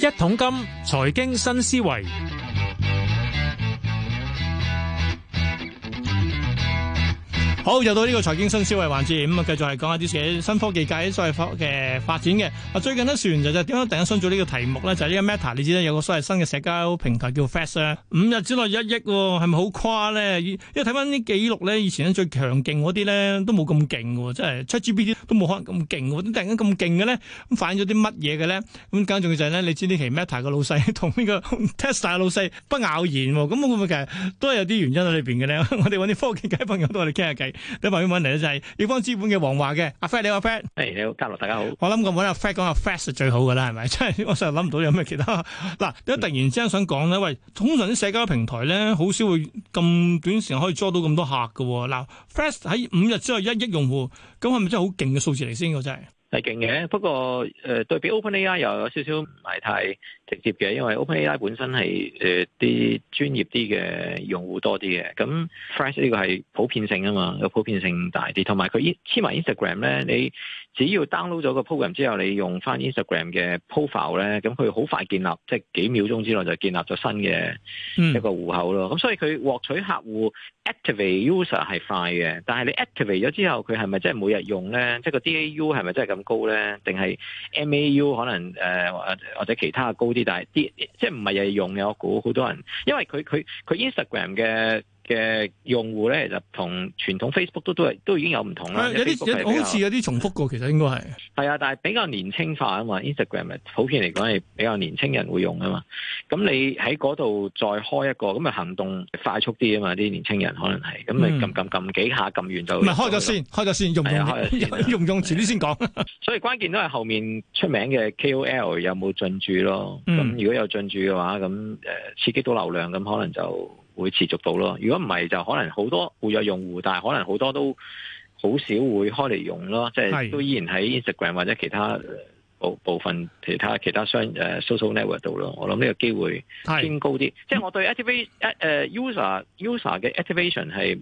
一桶金財經新思維。好又到呢個財經新思維環節，咁啊繼續係講下啲事，新科技界所謂嘅發展嘅。啊最近咧，說就就點解突然間想做呢個題目咧？就係、是、呢個 Meta，你知啦，有個所謂新嘅社交平台叫 Fast 五日之內一億、哦，係咪好誇咧？因為睇翻啲記錄咧，以前咧最強勁嗰啲咧都冇咁勁嘅，真係出 G P T 都冇可能咁勁，點突然間咁勁嘅咧？咁反映咗啲乜嘢嘅咧？咁更重要就係、是、咧，你知呢期 Meta 老個老細同呢個 Tesla 老細不咬言、哦，咁會唔會其實都係有啲原因喺裏邊嘅咧？我哋揾啲科技界朋友同我哋傾下偈。你朋友問邊問題咧就係易方資本嘅王華嘅阿 Fat 你好阿 Fat，係、hey, 你好嘉樂，大家好。我諗咁搵阿 Fat 講下 Fat 係最好噶啦，係咪？真係我實在諗唔到有咩其他。嗱，你突然之間想講咧、嗯，喂，通常啲社交平台咧好少會咁短時間可以捉到咁多客噶、哦。嗱，Fast 喺五日之後一億用戶，咁係咪真係好勁嘅數字嚟先？我真係。係勁嘅，不過誒、呃、對比 OpenAI 又有少少唔係太直接嘅，因為 OpenAI 本身係誒啲專業啲嘅用戶多啲嘅，咁 Threads 呢個係普遍性啊嘛，個普遍性大啲，同埋佢黐埋 Instagram 咧你。只要 download 咗個 program 之後，你用翻 Instagram 嘅 profile 咧，咁佢好快建立，即係幾秒鐘之內就建立咗新嘅一個戶口咯。咁、嗯、所以佢獲取客戶 activate user 係快嘅，但係你 activate 咗之後，佢係咪真係每日用咧？即係個 DAU 係咪真係咁高咧？定係 MAU 可能誒、呃、或者其他高啲，但係啲即係唔係日日用嘅。我估好多人，因為佢佢佢 Instagram 嘅。嘅用戶咧就同傳統 Facebook 都都係都已經有唔同啦。有啲好似有啲重複過，其實應該係係啊，但係比較年輕化啊嘛。Instagram 普遍嚟講係比較年輕人會用啊嘛。咁你喺嗰度再開一個，咁啊行動快速啲啊嘛。啲年輕人可能係咁、嗯、啊，撳撳撳幾下撳完就唔係開咗先，開咗先、啊、用用遲啲先講。以 所以關鍵都係後面出名嘅 KOL 有冇進駐咯。咁、嗯、如果有進駐嘅話，咁、呃、刺激到流量，咁可能就。會持續到咯，如果唔係就可能好多會有用戶，但係可能好多都好少會開嚟用咯，即係都依然喺 Instagram 或者其他部、呃、部分其他其他商、呃、social network 度咯。我諗呢個機會升高啲，即係我對 activate、呃 user user 嘅 activation 係。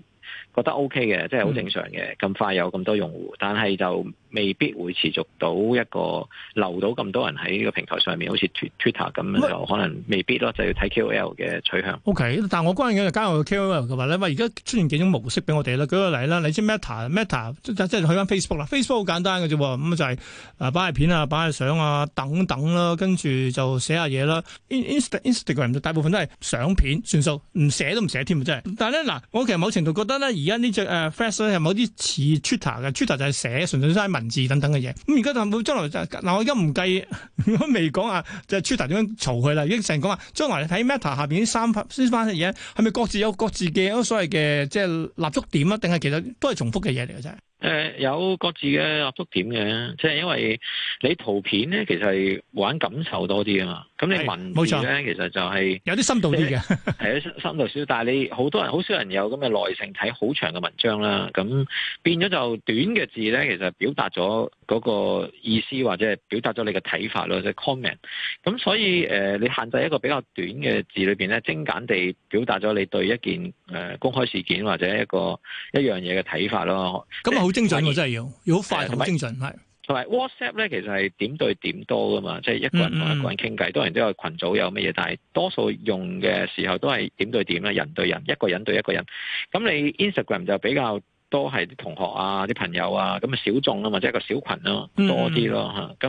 覺得 O K 嘅，即係好正常嘅。咁、嗯、快有咁多用戶，但係就未必會持續到一個留到咁多人喺呢個平台上面，好似 T w i t t e r 咁樣，就可能未必咯，就要睇 K O L 嘅取向。O、okay, K，但係我關鍵嘅加入 K O L 嘅話咧，喂，而家出現幾種模式俾我哋啦，舉個例啦，你知 Meta，Meta 即係去翻 Facebook 啦，Facebook 好簡單嘅啫，咁、嗯、就係擺下片啊，擺下相啊，等等啦，跟住就寫下嘢啦。In, Inst Instagram 大部分都係相片算數，唔寫都唔寫添即係。但係咧嗱，我其實某程度覺得咧。而家呢隻誒 fast 咧係某啲似 Twitter 嘅，Twitter 就係寫純粹齋文字等等嘅嘢。咁而家就冇將來就嗱，我而家唔計，如果未講啊，就係、Twitter 點樣嘈佢啦。已經成日講話將來你睇 Meta 下邊啲三番三嘅嘢，係咪各自有各自嘅所謂嘅即係立足點啊？定係其實都係重複嘅嘢嚟嘅啫。誒、呃，有各自嘅立足點嘅，即係因為你圖片咧，其實係玩感受多啲啊嘛。咁你文字咧，其實就係、是、有啲深度啲嘅，係、 就是、深度少。但係你好多人，好少人有咁嘅耐性睇好長嘅文章啦。咁變咗就短嘅字咧，其實表達咗嗰個意思或者係表達咗你嘅睇法咯，即、就、係、是、comment。咁所以誒、呃，你限制一個比較短嘅字裏邊咧，精簡地表達咗你對一件誒、呃、公開事件或者一個一的看、嗯呃、樣嘢嘅睇法咯。咁好精準喎，真係要要好快同埋精準，係同埋 WhatsApp 咧，其實係點對點多噶嘛，即係一個人同一個人傾偈，多人都有群組有乜嘢，但係多數用嘅時候都係點對點啦，人對人，一個人對一個人。咁你 Instagram 就比較多係同學啊、啲朋友啊，咁啊小眾啊嘛，或者一個小群咯，多啲咯吓。咁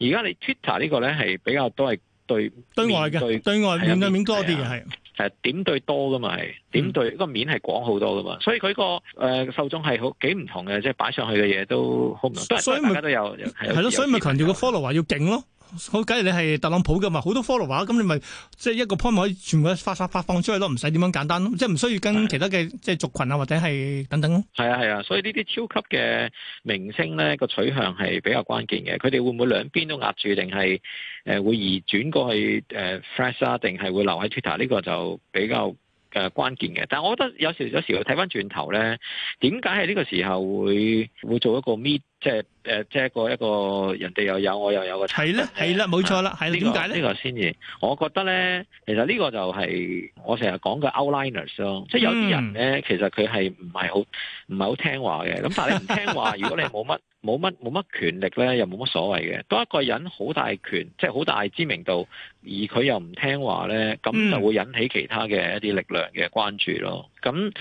你而家你 Twitter 呢個咧係比較多係對對外嘅，對對外面對面多啲嘅係。誒，點對多噶嘛係點對個面係廣好多噶嘛，所以佢個誒受眾係好幾唔同嘅，即係擺上去嘅嘢都好唔同。所以大家都係咯，所以咪強調個 follow 話，要勁咯。好，假如你係特朗普嘅嘛，好多 follower 咁，你咪即係一個 point 可以全部發發放出去咯，唔使點樣簡單咯，即係唔需要跟其他嘅即係族群啊，或者係等等咯。係啊，係啊，所以呢啲超級嘅明星咧，個取向係比較關鍵嘅。佢哋會唔會兩邊都壓住，定係誒會移轉過去誒 Threads 啊？定係會留喺 Twitter？呢個就比較誒關鍵嘅。但係我覺得有時有時睇翻轉頭咧，點解喺呢個時候會會做一個 meet？即係誒、呃，即係一個一個人哋又有我又有嘅差。係咧，係、呃、啦，冇錯啦，係啦。點解咧？呢、這個先至，我覺得咧，其實呢個就係我成日講嘅 outliners 咯、嗯。即係有啲人咧，其實佢係唔係好唔係好聽話嘅。咁但係你唔聽話，如果你冇乜冇乜冇乜權力咧，又冇乜所謂嘅。當一個人好大權，即係好大知名度，而佢又唔聽話咧，咁就會引起其他嘅一啲力量嘅關注咯。咁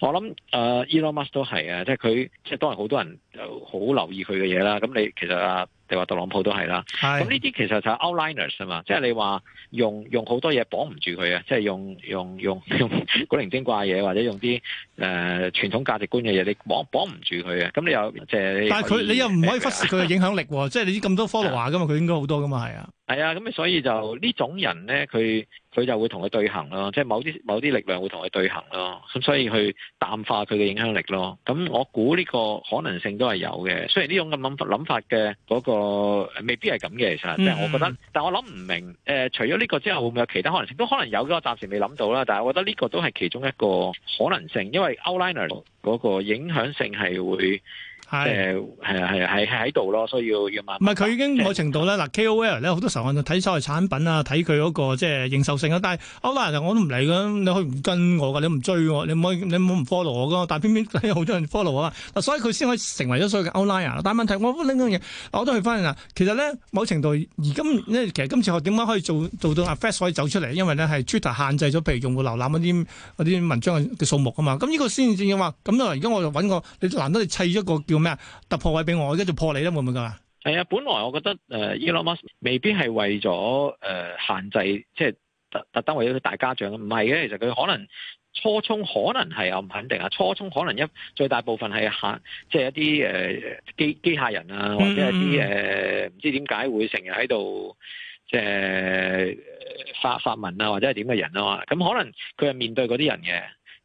我諗，誒、呃、Elon Musk 都係啊，即係佢，即係都係好多人就好留意佢嘅嘢啦。咁你其實啊，你話特朗普都係啦。咁呢啲其實就係 outliners 啊嘛，即係你話用用好多嘢綁唔住佢啊，即係用用用用古靈精怪嘢，或者用啲誒、呃、傳統價值觀嘅嘢，你綁綁唔住佢啊。咁你又即係，但係佢你又唔可以忽視佢嘅影響力， 即係你知咁多 follower 噶嘛，佢應該好多噶嘛，係啊。係啊，咁所以就呢種人呢，佢佢就會同佢對行咯，即、就、係、是、某啲某啲力量會同佢對行咯，咁所以去淡化佢嘅影響力咯。咁我估呢個可能性都係有嘅。雖然呢種咁諗諗法嘅嗰、那個未必係咁嘅，其、嗯、實，但、就、係、是、我覺得，但我諗唔明、呃。除咗呢個之後，會唔會有其他可能性？都可能有嘅，我暫時未諗到啦。但係我覺得呢個都係其中一個可能性，因為 Outliner 嗰個影響性係會。係，係、嗯、啊，係啊，係喺度咯，所以要要問。唔係佢已經某程度咧，嗱、嗯、KOL 咧好多時候我就睇所謂產品啊，睇佢嗰個即係認受性啊。但係 online 我都唔理噶，你可以唔跟我噶，你唔追我，你唔可以，你唔好唔 follow 我噶。但係偏偏好多人 follow 我啊，所以佢先可以成為咗所謂 online 啊。但係問題我，我拎緊嘢，我都去翻啊。其實咧，某程度而今其實今次學點解可以做做到 effect 可以走出嚟，因為咧係 Twitter 限制咗，譬如用戶瀏覽嗰啲啲文章嘅數目啊嘛。咁呢個先至話咁啊。而家我就揾我，你難得你砌咗個叫。咩啊？突破位俾我，我而家就破你啦，會唔會噶？係啊，本來我覺得誒、呃、，Elon Musk 未必係為咗誒、呃、限制，即、就、係、是、特特登為咗大家長，唔係嘅。其實佢可能初衷可能係又唔肯定啊。初衷可能一最大部分係吓，即、就、係、是、一啲誒機機械人啊，或者係啲誒唔知點解會成日喺度即係發發文啊，或者係點嘅人啊嘛。咁可能佢係面對嗰啲人嘅。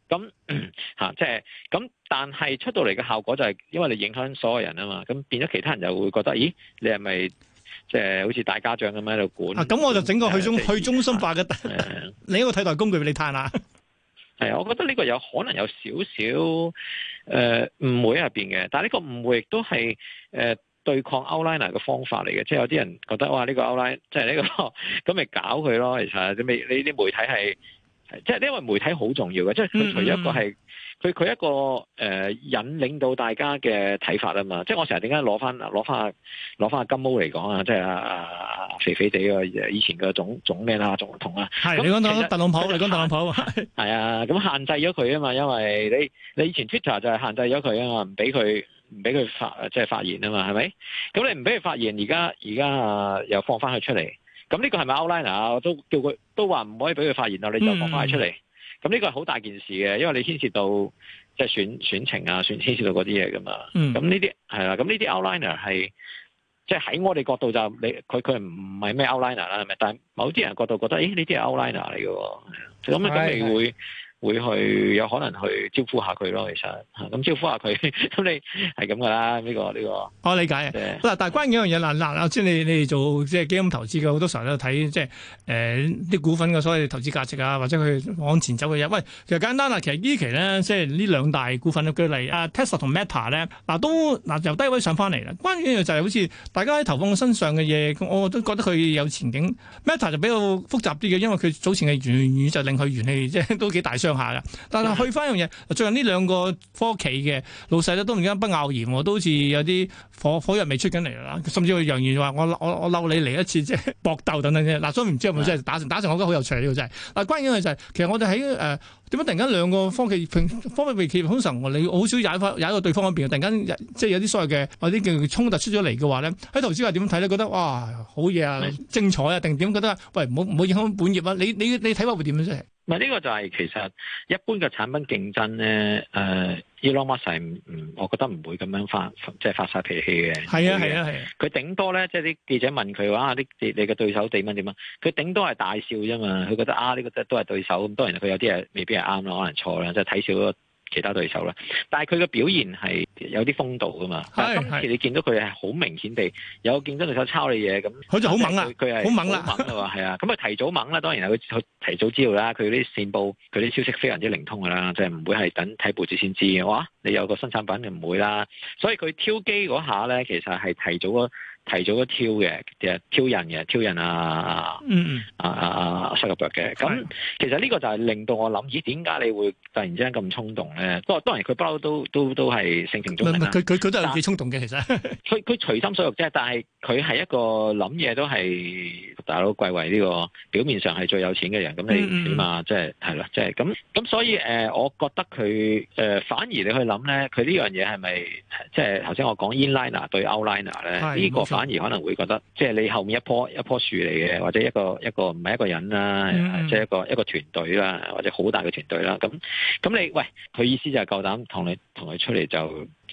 咁、嗯、嚇，即係咁，但係出到嚟嘅效果就係，因為你影響所有人啊嘛，咁變咗其他人就會覺得，咦，你係咪即係好似大家長咁喺度管？咁、啊、我就整個去中、呃、去中心化嘅，你、嗯、呢 個替代工具俾你嘆啦。係啊，我覺得呢個有可能有少少誒誤會喺入邊嘅，但係呢個誤會亦都係誒對抗 Outliner 嘅方法嚟嘅，即係有啲人覺得哇，呢、這個 Outliner 即係呢個咁咪搞佢咯，其實你媒啲媒體係。即係，因為媒體好重要嘅，即係佢除咗一個係，佢、嗯、佢、嗯、一個誒、呃、引領到大家嘅睇法啊嘛。即係我成日點解攞翻攞翻攞翻金毛嚟講啊？即係啊肥肥哋個以前嘅總總咩啦，總統啊。係你講到特朗普，你講特朗普。係 啊，咁限制咗佢啊嘛，因為你你以前 Twitter 就係限制咗佢啊嘛，唔俾佢唔俾佢發即係、就是、發言啊嘛，係咪？咁你唔俾佢發言，而家而家啊又放翻佢出嚟。咁呢個係咪 outliner 啊？我都叫佢都話唔可以俾佢發現咯，你就講埋出嚟。咁、嗯、呢個係好大件事嘅，因為你牽涉到即係、就是、選選情啊，選牽涉到嗰啲嘢噶嘛。咁呢啲係啦，咁呢啲 outliner 係即係、就、喺、是、我哋角度就你佢佢唔係咩 outliner 啦，係咪，他他不是 outliner, 但係某啲人角度覺得，誒呢啲係 outliner 嚟嘅，咁咁咪會，會去有可能去招呼下佢咯，其實咁招呼下佢咁你係咁噶啦，呢、這個呢、這個我理解。嗱，但係關鍵一樣嘢嗱嗱，即、嗯、係你你哋做即係基金投資嘅好多時候都睇即係誒啲股份嘅所謂投資價值啊，或者佢往前走嘅嘢。喂，其實就簡單啦，其實期呢期咧，即係呢兩大股份嘅舉例，阿、啊、Tesla 同 Meta 咧，嗱都嗱由、呃、低位上翻嚟啦。關鍵就係好似大家喺投放身上嘅嘢，我都覺得佢有前景。Meta 就比較複雜啲嘅，因為佢早前嘅言語就令佢元氣，即係都幾大傷。下但係去翻一樣嘢，最近呢兩個科企嘅老細咧都唔驚不咬鹽，都好似有啲火火藥未出緊嚟啦，甚至佢揚言話：我我我揪你嚟一次，即係搏鬥等等啫。嗱，所以唔知係咪真係打成打成，打成打成我覺得好有趣喎、這個、真係。嗱，關鍵就係，其實我哋喺誒點解突然間兩個科企平科企業通常我哋好少踩一踩個對方嗰邊，突然間即係有啲所謂嘅或者叫衝突出咗嚟嘅話咧，喺投資者點睇咧？覺得哇好嘢啊，精彩啊，定點覺得喂唔好唔好影響本業啊？你你你睇法會點樣.唔係呢個就係其實一般嘅產品競爭咧，誒，Elon Musk 唔，我覺得唔會咁樣發，即係發晒脾氣嘅。係啊，係啊，係啊。佢頂多咧，即係啲記者問佢話啲你嘅對手點樣點樣，佢頂多係大笑啫嘛。佢覺得啊，呢個都係對手咁，當然佢有啲係未必係啱啦，可能錯啦，即係睇少咗。其他對手啦，但係佢嘅表現係有啲風度噶嘛。係係，今次你見到佢係好明顯地有競爭對手抄你嘢咁，佢就好猛啊！佢係好猛啦，係啊，咁 啊提早猛啦。當然係佢佢提早知道啦，佢啲線報佢啲消息非常之靈通噶啦，即係唔會係等睇報紙先知嘅話，你有個新產品就唔會啦。所以佢挑機嗰下咧，其實係提早咗。提早都挑嘅，即係挑人嘅，挑人啊，嗯啊啊啊，收入多嘅，咁、嗯嗯、其實呢個就係令到我諗，咦？點解你會突然之間咁衝動咧？不過當然佢不嬲都都都係性情中人，佢佢佢都係幾衝動嘅，其實佢佢隨心所欲啫，但係佢係一個諗嘢都係大佬貴為呢個表面上係最有錢嘅人，咁你點啊即係係啦，即係咁咁，就是就是、所以誒、呃，我覺得佢誒、呃、反而你去諗咧，佢、就是、呢樣嘢係咪即係頭先我講 inliner 對 outliner 咧呢個、嗯反而可能會覺得，即係你後面一棵一棵樹嚟嘅，或者一個一個唔係一個人啦，mm. 即係一個一個團隊啦，或者好大嘅團隊啦。咁咁你，喂，佢意思就係夠膽同你同佢出嚟就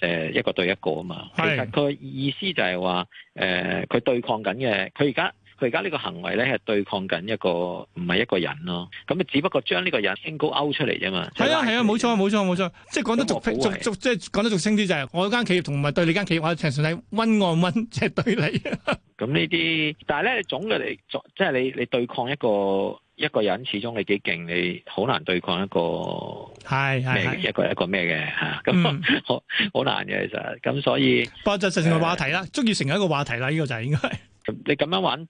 誒一個對一個啊嘛。其實佢意思就係、是、話，誒、呃，佢對抗緊嘅，佢而家。佢而家呢個行為咧係對抗緊一個唔係一個人咯，咁啊只不過將呢個人升高勾出嚟啫嘛。係啊係啊，冇錯冇錯冇錯，即係講得俗俗俗，即係講得俗聲啲就係，我間企業同埋對你間企業，我係純粹係溫愛溫，即係對你。咁呢啲，但係咧你總嘅嚟，即係你你對抗一個一個人，始終你幾勁，你好難對抗一個係係一個一個咩嘅嚇，咁好好難嘅其實，咁所以，不過就成個話題啦，終於成為一個話題啦，呢個就應該係你咁樣玩。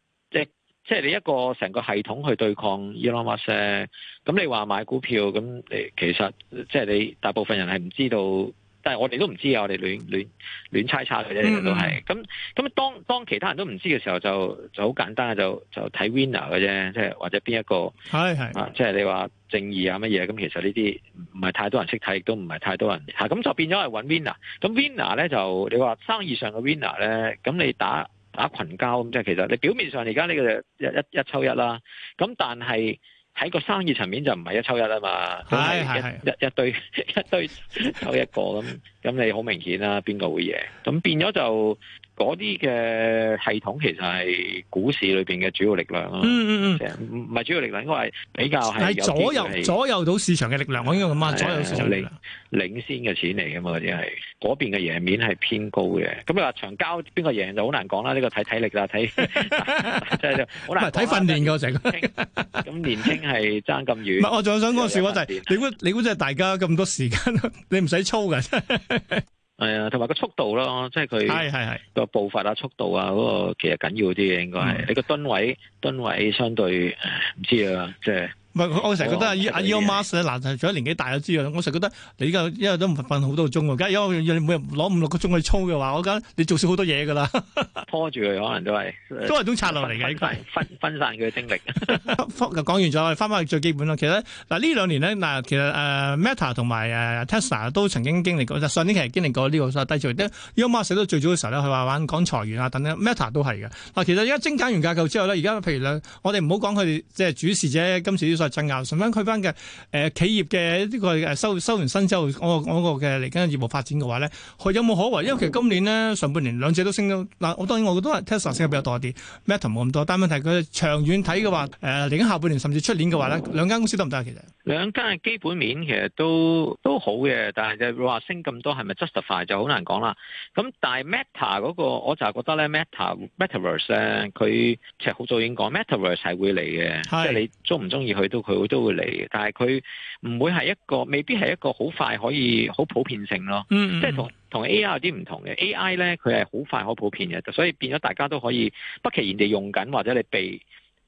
即係你一個成個系統去對抗 Elon Musk，咁你話買股票咁其實即係你大部分人係唔知道，但係我哋都唔知啊！我哋亂亂亂猜猜嘅啫，其、嗯、實、嗯、都係。咁咁當當其他人都唔知嘅時候就，就就好簡單是是啊！就就睇 winner 嘅啫，即係或者邊一個係係即係你話正義啊乜嘢咁，其實呢啲唔係太多人識睇，亦都唔係太多人咁、啊、就變咗係搵 winner。咁 winner 咧就你話生意上嘅 winner 咧，咁你打。打群交咁即係，其實你表面上而家呢個就一一一抽一,一啦，咁但係喺個生意層面就唔係一抽一啊嘛，係一一堆一堆抽一,一,一個咁，咁 你好明顯啦、啊，邊個會贏？咁變咗就。嗰啲嘅系統其實係股市裏邊嘅主要力量咯，嗯嗯嗯，唔係主要力量，應該係比較係有啲係左右到市場嘅力量，我應該咁啊，左右市場力量領先嘅錢嚟噶嘛，即係嗰邊嘅贏面係偏高嘅。咁你話長交邊個贏就好難講啦，呢個睇體力啦，睇即係好難睇訓練噶成。咁年輕係爭咁遠。唔係，我仲想講笑一齊。你估你估即係大家咁多時間，你唔使操嘅。係、哎、啊，同埋個速度咯，即係佢個步伐啊、是是是速度啊，嗰、嗰個其實緊要啲嘅，應該係你個噸位，噸位相對唔、呃、知啊，即係。我成日覺得阿、e、阿 Elon Musk、嗯、嗱，除咗年紀大啊之類，我成日覺得你依家因為都唔瞓好多鐘㗎，而家因為要每日攞五六個鐘去操嘅話，我覺得你做少好多嘢㗎啦。拖住佢可能都係，都係都拆落嚟嘅，分分散佢嘅精力。講 完咗，翻翻去最基本咯。其實嗱呢兩年呢，嗱其實誒、uh, Meta 同埋誒 Tesla 都曾經經歷過，上年期經歷過呢、呢個低潮。Elon Musk 都最早嘅時候咧，佢話玩講裁員啊等等，Meta 都係嘅。嗱，其實而家精簡完架構之後咧，而家譬如我哋唔好講佢哋即係主事者，今次震盪，甚至佢翻嘅誒企業嘅呢個誒收收完薪之後，我我個嘅嚟緊嘅業務發展嘅話咧，佢有冇可為？因為其實今年咧，上半年兩者都升咗，嗱我當然我覺得 Tesla 升得比較多啲，Meta 冇咁多，但問題佢長遠睇嘅話，誒嚟緊下半年甚至出年嘅話咧，兩間公司得唔得？其實兩間嘅基本面其實都都好嘅，但係就話升咁多係咪 justify 就好難講啦。咁但係 Meta 嗰個，我就係覺得咧，Meta metaverse 咧，佢其實好早已經講 metaverse 係會嚟嘅，即係你中唔中意佢？到佢會都會嚟嘅，但係佢唔會係一個，未必係一個好快可以好普遍性咯。嗯，嗯，嗯，即係同同 A I 有啲唔同嘅 A I 咧，佢係好快好普遍嘅，就所以變咗大家都可以不其然地用緊，或者你被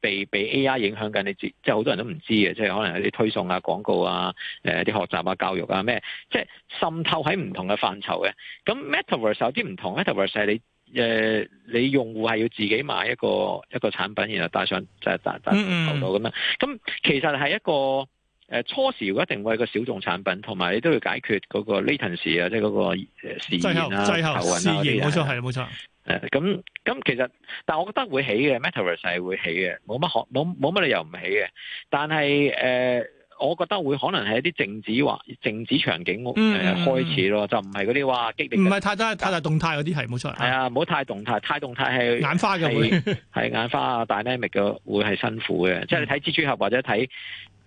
被被 A I 影響緊，你自即係好多人都唔知嘅，即係可能有啲推送啊廣告啊，誒、呃、啲學習啊教育啊咩，即係滲透喺唔同嘅範疇嘅。咁 Metaverse 有啲唔同，Metaverse 係你。 誒、呃，你用戶係要自己買一個一個產品，然後戴上就戴戴頭度咁啊。咁、嗯嗯嗯、其實係一個誒，初時如果一定會係個小眾產品，同埋你都要解決嗰個 latency 啊，即係嗰個視線啊、頭暈啊啲嘢。冇、哦、錯，係冇錯。咁咁其實，但我覺得會起嘅，Metaverse 係會起嘅，冇乜可冇冇乜理由唔起嘅。但係我覺得會可能係一啲靜止話靜止場景，誒、呃嗯、開始咯，就唔係嗰啲話激烈的。唔係太太太大動態嗰啲係冇錯。係啊，唔、嗯、好太動態，太動態係眼花嘅會，係眼花啊！戴眼鏡嘅會係辛苦嘅，即係你睇蜘蛛俠或者睇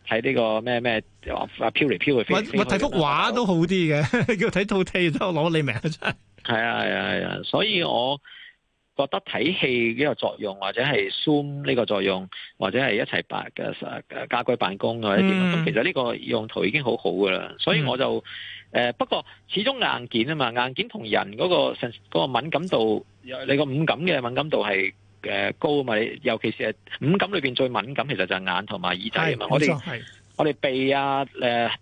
睇呢個咩咩話飄嚟飄去。我睇幅畫都好啲嘅，要睇套戲都攞你名真係啊係啊係啊，所以我。覺得睇戲呢個作用，或者係 Zoom 呢個作用，或者係一齊辦嘅誒家居辦公啊，一點咁。其實呢個用途已經好好噶啦，所以我就誒、嗯呃，不過始終硬件啊嘛，硬件同人嗰、嗰個、嗰個敏感度，你個五感嘅敏感度係誒高啊嘛。尤其是係五感裏邊最敏感，其實就係眼同埋耳仔啊嘛。我哋係。我哋鼻啊、誒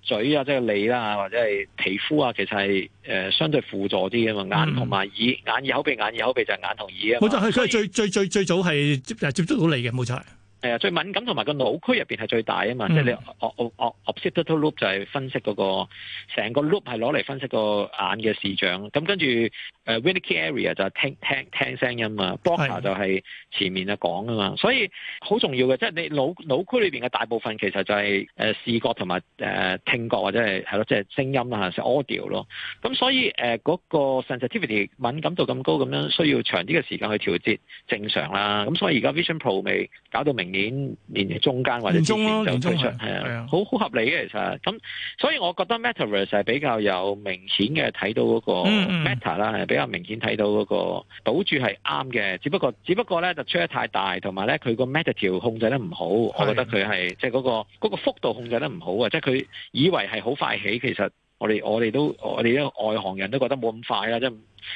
嘴啊、即係脷啦，或者係皮膚啊，其實係誒相對輔助啲嘅嘛。眼同埋耳，眼耳口鼻眼耳口鼻就係眼同耳啊。冇錯，佢係最最最最早係接接觸到你嘅，冇錯。係啊，最敏感同埋個腦區入邊係最大啊嘛。即係你，哦哦哦，optical loop 就係分析嗰個成個 loop 係攞嚟分析個眼嘅視像。咁跟住。誒 Wernicke area 就係聽聽聽聲音嘛，Broca 就係前面啊講啊嘛，所以好重要嘅，即係你腦腦區裏面嘅大部分其實就係、是、誒、呃、視覺同埋誒聽覺或者係係咯，即、就、係、是就是、聲音啊即係 audio 咯。咁所以誒嗰、呃那個 sensitivity 敏感度咁高咁樣，需要長啲嘅時間去調節正常啦。咁所以而家 Vision Pro 未搞到明年年中間或者年中就推出，係啊，好好合理嘅其實。咁所以我覺得 Metaverse 係比較有明顯嘅睇到嗰個 Meta 啦、mm -hmm.，比較明顯睇到嗰個賭注係啱嘅，只不過只不過咧就吹得太大，同埋咧佢個 meta 條控制得唔好，我覺得佢係即係嗰個、嗰個幅度控制得唔好啊！即係佢以為係好快起，其實。我哋我哋都我哋呢個外行人都覺得冇咁快啦，即係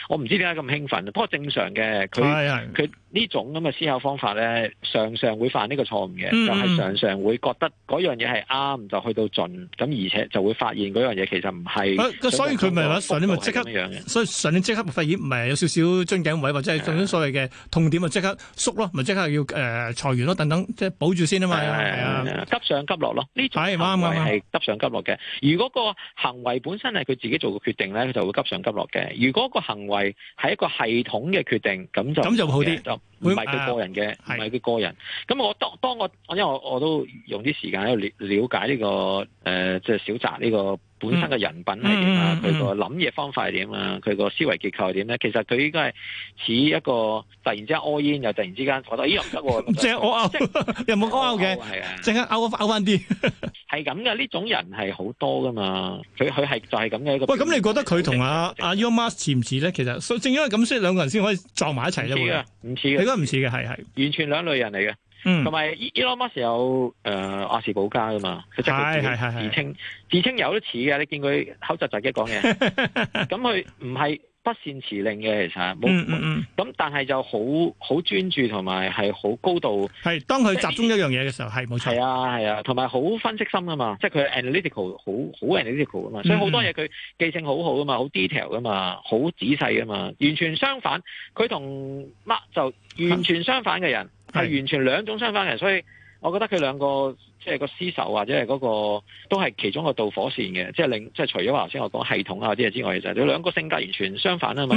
我唔知點解咁興奮。不過正常嘅佢佢呢種咁嘅思考方法咧，常常會犯呢個錯誤嘅，就係、是、常常會覺得嗰樣嘢係啱就去到盡，咁而且就會發現嗰樣嘢其實唔係，啊。所以佢咪話上年咪即刻，所以，不是年是樣所以上年即刻發現唔係有少少樽頸位或者係嗰啲所謂嘅痛點，咪即刻縮咯，咪即刻，刻要誒、呃、裁員咯，等等，即係保住先啊嘛，急上急落咯。呢種行為係急上急落嘅。如果個行為係本身係佢自己做嘅決定咧，佢就會急上急落嘅。如果個行為係一個系統嘅決定，咁就咁就好啲，就唔係佢個人嘅，唔係佢個人。咁我當當我，因為我我都用啲時間喺度了了解呢個誒，即係小澤呢個。呃就是本身嘅人品係點啊？佢個諗嘢方法係點啊？佢、嗯、個思維結構係點咧？其實佢應該係似一個突然之間屙煙，又突然之間覺得又唔得喎，即係我拗，係又冇屙嘅，係啊，即刻拗翻嘔翻啲，係咁嘅。呢、就是、 種人係好多噶嘛，佢佢係就係咁嘅。一喂，咁你覺得佢同阿阿 Musk 似唔似咧？其實正因為咁先，兩個人先可以撞埋一齊咧。唔似嘅，唔似嘅，係係，完全兩類人嚟嘅。同、嗯、埋 Elon Musk 有誒、呃、阿士保加噶嘛，佢真係自稱自稱有都似嘅，你見佢口窒窒嘅講嘢，咁佢唔係不善辭令嘅，其實，冇咁、嗯嗯、但係就好好專注同埋係好高度，係當佢集中一樣嘢嘅時候，係冇錯，係啊係啊，同埋好分析心㗎嘛，即係佢 analytical 好好 analytical 㗎嘛，所以好多嘢佢記性好好㗎嘛，好 detail 噶嘛，好仔細噶嘛，完全相反，佢同 Mark 就完全相反嘅人。係完全兩種相反嘅，所以我覺得佢兩個即係個廝守或者係嗰、嗰個都係其中一個導火線嘅，即係令即係除咗話我頭先我講系統啊啲嘢之外，就係你兩個性格完全相反啊嘛。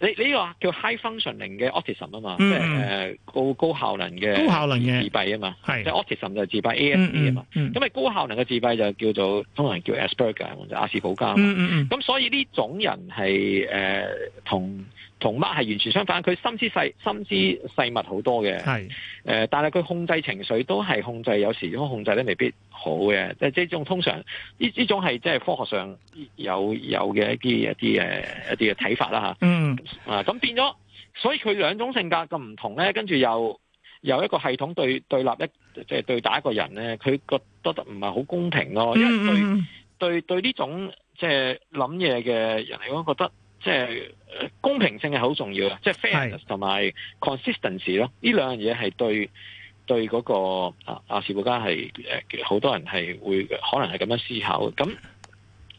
你你呢個叫 high functioning 嘅 autism 啊、嗯、嘛，即係誒高高效能嘅高效能嘅自閉啊嘛，係即係 autism 就自閉 ASD 啊嘛。咁、嗯、啊、嗯嗯、高效能嘅自閉就叫做通常叫 Asperger 或者亞氏保加嘛。咁、嗯嗯、所以呢種人係誒、呃、同。同乜係完全相反，佢心思細心思細密好多嘅，係誒、呃，但係佢控制情緒都係控制，有時如果控制得未必好嘅，即係呢種通常呢呢種係即係科學上有有嘅一啲一啲誒一啲嘅睇法啦吓，嗯啊，咁變咗，所以佢兩種性格咁唔同咧，跟住又又一個系統對對立一即係、就是、對打一個人咧，佢覺得唔係好公平咯，因為對嗯嗯對對呢種即係諗嘢嘅人嚟講，覺得。即、就、係、是、公平性係好重要啊！即係 fairness 同埋 consistency 咯，呢兩樣嘢係對對嗰個啊亞氏保加症誒，好、呃、多人係會可能係咁樣思考嘅。咁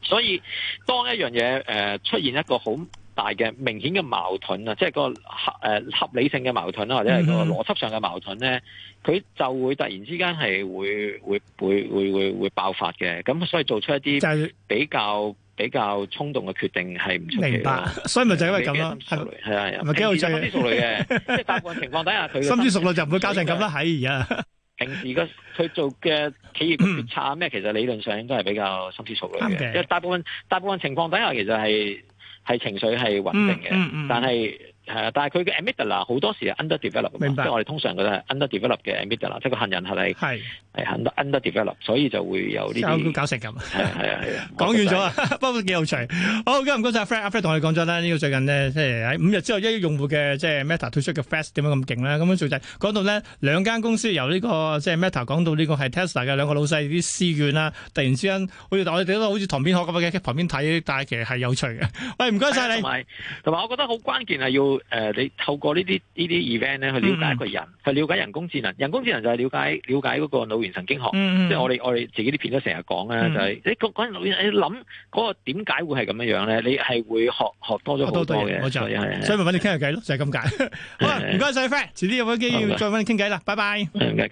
所以當一樣嘢誒、呃、出現一個好大嘅明顯嘅矛盾啊，即、就、係、是嗰個合誒、呃、合理性嘅矛盾或者係個邏輯上嘅矛盾咧，佢、嗯、就會突然之間係會會會會會會爆發嘅。咁所以做出一啲比較比較衝動嘅決定係唔出奇啦，明白，所以咪就係因為咁咯，係係係咪幾有趣？心思熟慮嘅，即係大部分情況底下，佢心思熟慮就唔會搞成咁啦。係而家平時嘅佢做嘅企業決策啊咩，其實理論上應該係比較心思熟慮嘅。因為大部分大部分情況底下，其實係係情緒係穩定嘅，但係。係啊，但係佢嘅 Amidala 好多時係 underdevelop 即係我哋通常嘅咧 underdevelop 嘅 a m i d、就、a、是、l 即係個行人係係係很 underdevelop，所以就會有啲搞成咁，係啊係啊，講 完咗啊， 不過幾有趣。好，今日唔該晒阿 Frank 阿 Frank 同我哋講咗啦，呢個最近呢，即係喺五日之後一億用戶嘅即係 Meta 推出嘅 Fast 點樣咁勁咧，咁樣最就係、是、講到呢兩間公司由呢、這個即係 Meta 講到呢個係 Tesla 嘅兩個老細啲私怨啦。突然之間我好似我哋睇到好似旁邊學咁嘅，喺旁邊睇，但係其實係有趣嘅。喂，唔該晒你，同埋同埋，我覺得好關鍵係要。誒、呃，你透過呢啲呢啲 event 咧去了解一個人，嗯，去了解人工智能。人工智能就係了解了解嗰個腦源神經學，嗯嗯即係我哋我哋自己啲片都成日講呀，就係你講嗰個你諗嗰個點解會係咁樣樣咧？你係、那個、會，會學學多咗好多嘢，啊，所以就所以咪搵 你傾下偈咯，就係咁解。好啦，唔該晒 friend，遲啲有冇機要再搵你傾偈啦，拜拜，唔該。